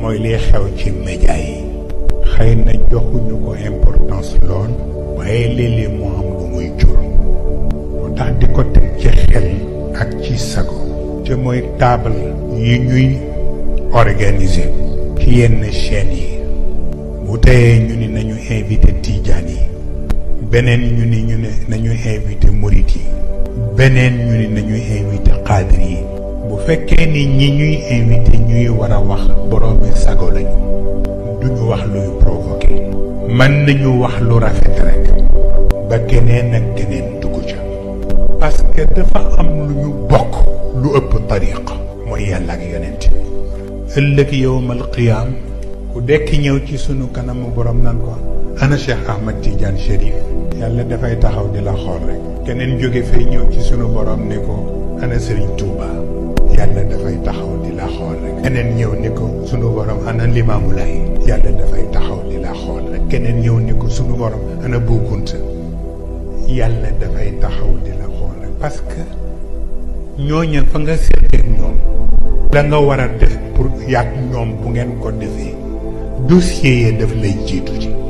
mooy liy xew ci média yi xëy na joxuñu ko importance lool waaye léeg-léeg am lu muy jur moo tax ko teg ci xel ak ci sago te mooy taabal yi ñuy organiser ci yenn chaîne yi bu teyee ñu ni nañu invité tijaan yi beneen ñu nañu invité murit yi beneen ñu nañu invité xaadir yi fekkee ni ñi ñuy invité ñuy war a wax boroomi sago lañu duñu wax luy provoqué mën nañu wax lu rafet rek ba keneen ak keneen dugg ca parce que dafa am lu ñu bokk lu ëpp tariq mooy yàlla ak yonent ëllëg yowmal qiyaam ku dekk ñëw ci sunu kanamu borom nan ko ana Cheikh Ahmad Tidiane Chérif yàlla dafay taxaw di la xool rek keneen jóge fay ñëw ci sunu borom ne ko ana Serigne Touba yàlla dafay taxaw di la xool rek keneen ñëw ni ko sunu borom ana limaamu lay yàlla dafay taxaw di la xool rek keneen ñëw ni ko sunu borom ana buukunta yàlla dafay taxaw di la xool rek parce que ñooña fa nga seeteeg ñoom la nga war a def pour yàgg ñoom bu ngeen ko defee dossier yi daf lay jiitu ci